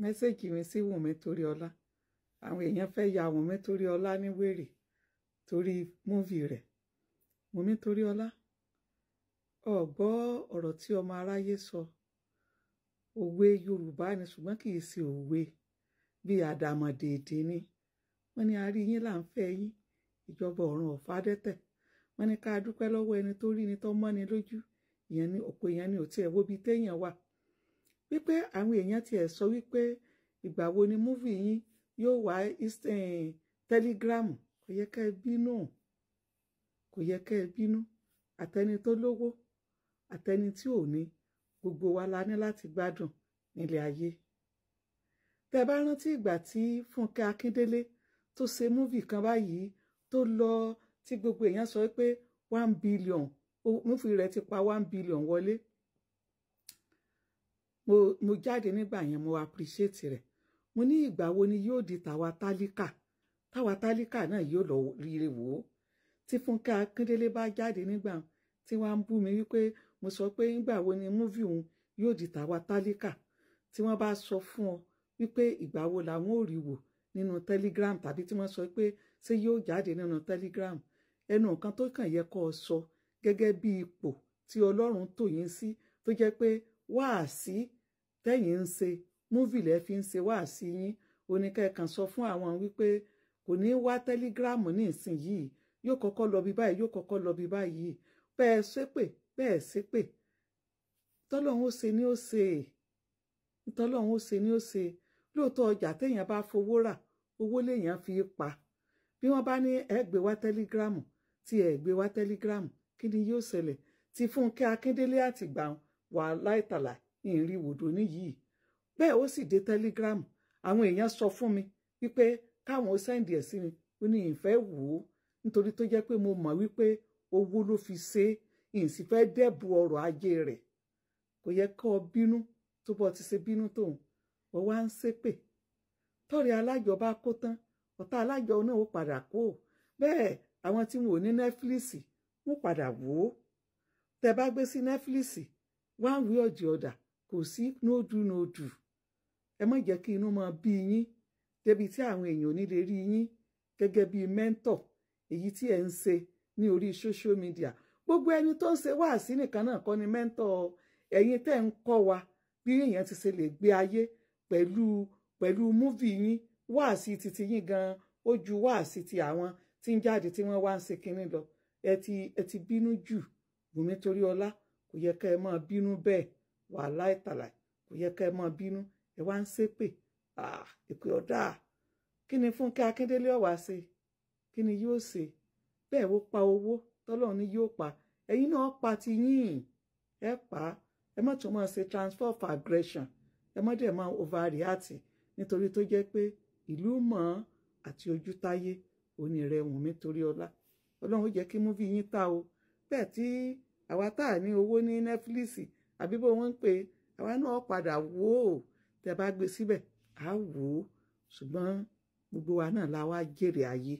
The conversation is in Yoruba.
mẹ́sẹ̀gì mi sí Wùnmí Toríọlá àwọn èèyàn fẹ́ ya Wùnmí Toríọlá ní wèrè torí múvì rẹ̀ Wùnmí Toríọlá o gbọ́ ọ̀rọ̀ tí ọmọ aráyé sọ òwe Yorùbá ni ṣùgbọ́n kì í ṣe òwe bíi àdàmọ̀dèdè ni wọ́n ní a rí yín là ń fẹ́ yín ìjọba ọ̀run ọ̀fà dẹ́tẹ̀ wọ́n ní ká dúpẹ́ lọ́wọ́ ẹni tó rí ni tó mọ́ni lójú ìyẹn ní ọ̀pọ̀ èèyàn ni ò tiẹ̀ wo bíi téèyàn wà wípé àwọn èèyàn tiẹ̀ sọ wípé ìgbà wo ni múvì yín yóò wá tẹlígíráàmù eh, kò yẹ ká ẹ bínú kò yẹ ká ẹ bínú àtẹni tó lówó àtẹni tí ò ní gbogbo wa la ní láti gbádùn nílé ayé tẹ bá rántí ìgbà tí Fúnkẹ́ Akíndélé tó ṣe múvì kan báyìí tó lọ tí gbogbo èèyàn sọ pé one billion múfì rẹ̀ ti pa one billion wọlé mo mo jáde nígbà yẹn mo appreciate rẹ̀ mo ní ìgbà wo ni yóò di tàwa tálíkà táwa tálíkà náà yóò lọ rire wò ó tí Fúnkẹ́ Akíndélé bá jáde nígbà tí wọ́n bú mi wípé mo sọ pé ìgbà wo ni múvì òun yóò di tàwa tálíkà tí wọ́n bá sọ fún ọ wípé ìgbà wo làwọn ò rí wò nínú telegram tàbí tí wọ́n sọ pé ṣé yóò jáde nínú telegram ẹnu nǹkan tó kàn yẹ kó o sọ gẹ́gẹ́ bí ipò tí Ọlọ́run tò yín sí tó jẹ́ pé wáàsí tẹ́yìn ń ṣe múvì lẹ́ fi ń ṣe wáàsí yín oníkẹ́ẹ̀kan sọ fún àwọn wípé kò ní wá tẹ́lígíráàmù ní ìsinyìí yóò kọ́kọ́ lọ bí báyìí yóò kọ́kọ́ lọ bí báyìí bẹ́ẹ̀ ṣépè bẹ́ẹ̀ ṣépè tọ́lọ́hún ó ṣe ni ó ṣe tọ́lọ́hún ó ṣe ni ó ṣe lóòótọ́ ọjà téèyàn bá fowó rà owó léèyàn fi pa bí wọ́n bá ní ẹ gbé wá tẹ́lígíráàmù tí ẹ gbé wá tẹ́lígíráàmù kí ni yóò ṣẹlẹ̀ ti Fúnkẹ́ Akíndélé àtìgbà wọn wàhálà ìtàlà ìrìn ìwòdò níyìí bẹ́ẹ̀ ó sì dé telegram àwọn èèyàn sọ fún mi wípé káwọn sẹ́ǹdì ẹ̀ sí mi ó ní ìfẹ́ wò ó nítorí tó jẹ́ pé mo mọ̀ wípé owó ló fi ṣe ìyìn sì fẹ́ dẹ́bu ọrọ̀ ajé rẹ̀ kò yẹ kó o bínú tó bọ́ ti ṣe bínú tóun ó wá ń ṣépè tọ́rẹ̀ alájọ bá kó tán ọ̀tá alájọ náà ó padà kó bẹ́ẹ̀ àwọn tí wọn ò ní nẹ́fílíìsì wọ́n padà wò ó tẹ́ bá gbé sí nẹ́fílíìsì one way or the other kò sí no do no do ẹ má jẹ́ kí inú máa bí yín débi tí àwọn èèyàn ò ní lè rí yín gẹ́gẹ́ bíi mẹ́ńtọ̀ èyí tí ẹ̀ ń ṣe ní orí social media gbogbo ẹni tó ń ṣe wáàsí nìkan náà kọ́ ni mẹ́ńtọ̀ ẹ̀yin tẹ́ ń kọ́ wa bí èèyàn ti ṣe lè gbé ayé pẹ̀lú pẹ̀lú múvì yín wáàsí titi yín gan-an ó ju wáàsí ti àwọn tí ń jáde tí wọ́n wá ń ṣe kinní lọ ẹ ti ẹ ti bínú jù Bùnmi Toríọlá kò yẹ kẹ́ ẹ máa bínú bẹ́ẹ̀ wàhálà ìtàlà kò yẹ kẹ́ ẹ máa bínú ẹ wá ń ṣépè èpè ah, ọ̀dà kí ni Fúnkẹ́ Akíndélé ó ṣe kí ni yóò ṣe bẹ́ẹ̀ wó pa owó tọ́lọ́run ni yóò pa ẹ̀yin náà pa ti yín ẹ pa ẹ má tún máa ṣe transfer for aggression ẹ má dẹ̀ máa overreact nítorí tó jẹ́ pé ìlú mọ̀ àti ojútáyé òní rẹ̀ wùn mí torí ọlá ọlọ́run ó jẹ́ kí múvi yín ta o bẹ́ẹ̀ tí àwa tá à ní owó ní Netflix àbí bó wọ́n ń pè àwa náà padà wò ó tẹ́ bá gbé síbẹ̀ á wò ó ṣùgbọ́n gbogbo wa náà la wá jèrè ayé.